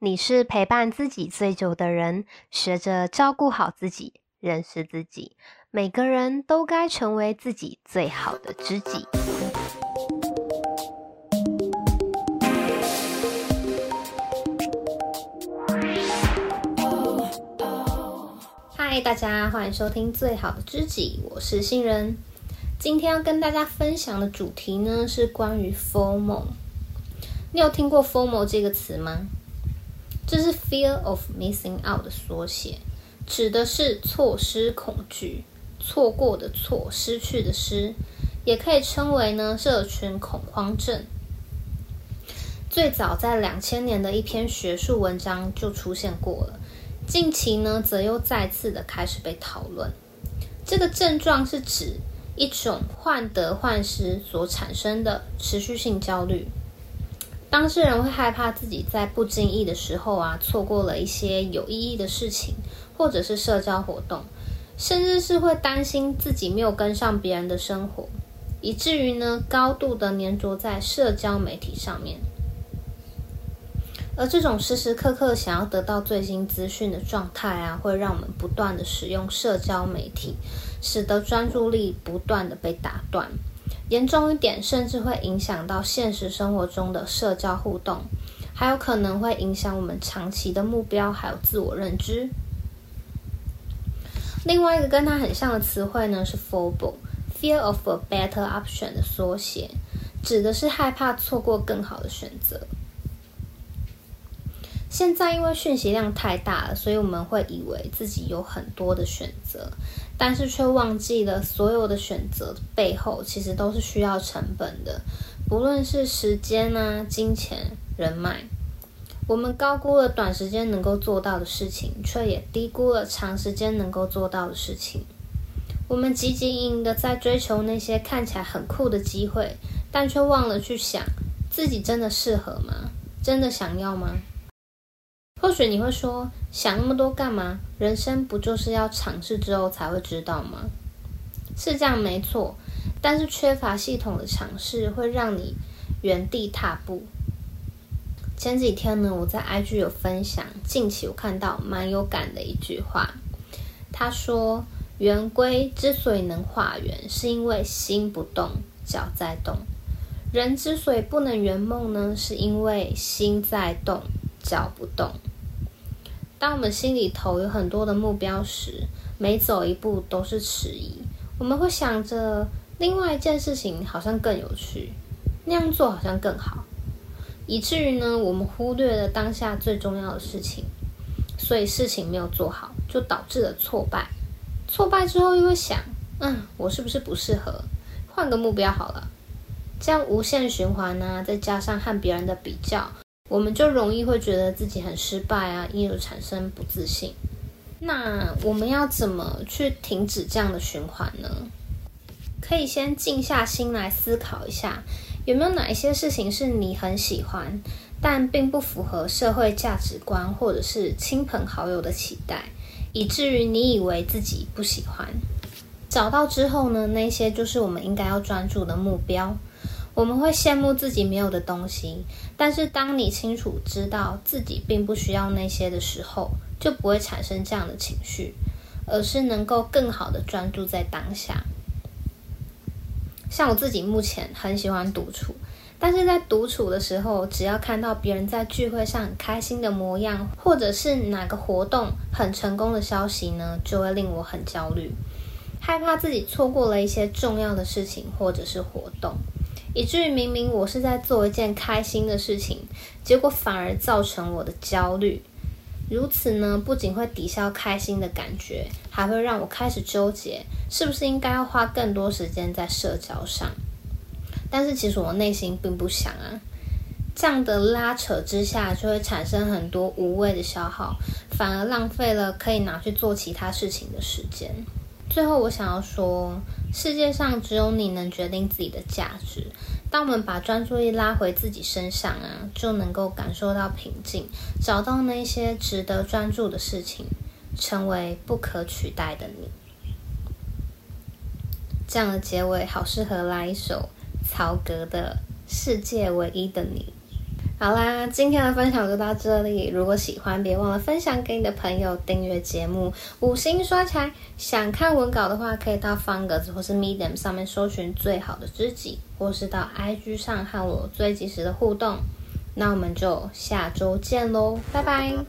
你是陪伴自己最久的人，學着照顧好自己，認識自己。每個人都該成為自己最好的知己。嗨， Hi, 大家歡迎收聽《最好的知己》，我是新人。今天要跟大家分享的主題呢，是關於 FOMO。你有聽過 FOMO 這個詞嗎？這是 fear of missing out 的縮寫，指的是錯失恐懼、錯過的錯、失去的失，也可以稱為呢社群恐慌症。最早在兩千年的一篇學術文章就出現過了，近期呢則又再次的開始被討論。這個症狀是指一種患得患失所產生的持續性焦慮。當事人會害怕自己在不經意的時候啊，錯過了一些有意義的事情，或者是社交活動，甚至是會擔心自己沒有跟上別人的生活，以至於呢，高度的黏著在社交媒體上面。而這種時時刻刻想要得到最新資訊的狀態啊，會讓我們不斷的使用社交媒體，使得專注力不斷的被打斷。嚴重一點，甚至會影響到現實生活中的社交互動，還有可能會影響我們長期的目標，還有自我認知。另外一個跟它很像的詞彙呢是 FOBO，Fear of a Better Option 的縮寫，指的是害怕錯過更好的選擇。現在因為訊息量太大了，所以我們會以為自己有很多的選擇，但是卻忘記了所有的選擇的背後其實都是需要成本的，不論是時間啊、金錢、人脈。我們高估了短時間能夠做到的事情，卻也低估了長時間能夠做到的事情。我們汲汲營營的在追求那些看起來很酷的機會，但卻忘了去想自己真的適合嗎？真的想要嗎？或許你會說，想那麼多幹嘛？人生不就是要嘗試之後才會知道嗎？是這樣沒錯，但是缺乏系統的嘗試，會讓你原地踏步。前幾天呢，我在 IG 有分享，近期我看到蠻有感的一句話，他說：“圓規之所以能畫圓，是因為心不動，腳在動；人之所以不能圓夢呢，是因為心在動，腳不動。”當我們心裡頭有很多的目標時，每走一步都是遲疑。我們會想着另外一件事情好像更有趣，那樣做好像更好，以至於呢，我們忽略了當下最重要的事情，所以事情沒有做好，就導致了挫敗。挫敗之後又會想，嗯，我是不是不適合？換個目標好了。這樣無限循環呢、啊，再加上和別人的比較。我們就容易會覺得自己很失敗啊，因而產生不自信。那我們要怎麼去停止這樣的循環呢？可以先靜下心來思考一下，有沒有哪一些事情是你很喜歡，但並不符合社會價值觀或者是親朋好友的期待，以至於你以為自己不喜歡。找到之後呢，那些就是我們應該要專注的目標。我們會羨慕自己沒有的東西，但是當你清楚知道自己並不需要那些的時候，就不會產生這樣的情緒，而是能夠更好的專注在當下。像我自己目前很喜歡獨處，但是在獨處的時候，只要看到別人在聚會上很開心的模樣，或者是哪個活動很成功的消息呢，就會令我很焦慮，害怕自己錯過了一些重要的事情或者是活動。以至於明明我是在做一件開心的事情，結果反而造成我的焦慮。如此呢，不僅會抵消開心的感覺，還會讓我開始糾結，是不是應該要花更多時間在社交上？但是其實我內心並不想啊。這樣的拉扯之下，就會產生很多無謂的消耗，反而浪費了可以拿去做其他事情的時間。最後，我想要說。世界上只有你能決定自己的價值。當我們把專注力拉回自己身上啊，就能夠感受到平靜，找到那些值得專注的事情，成為不可取代的你。這樣的結尾好適合來一首曹格的《世界唯一的你》。好啦，今天的分享就到這裡。如果喜歡，別忘了分享給你的朋友，訂閱節目，五星刷起來。想看文稿的話，可以到方格子或是 Medium 上面搜尋最好的知己，或是到 IG 上和我最及時的互動。那我們就下周見嘍，拜拜。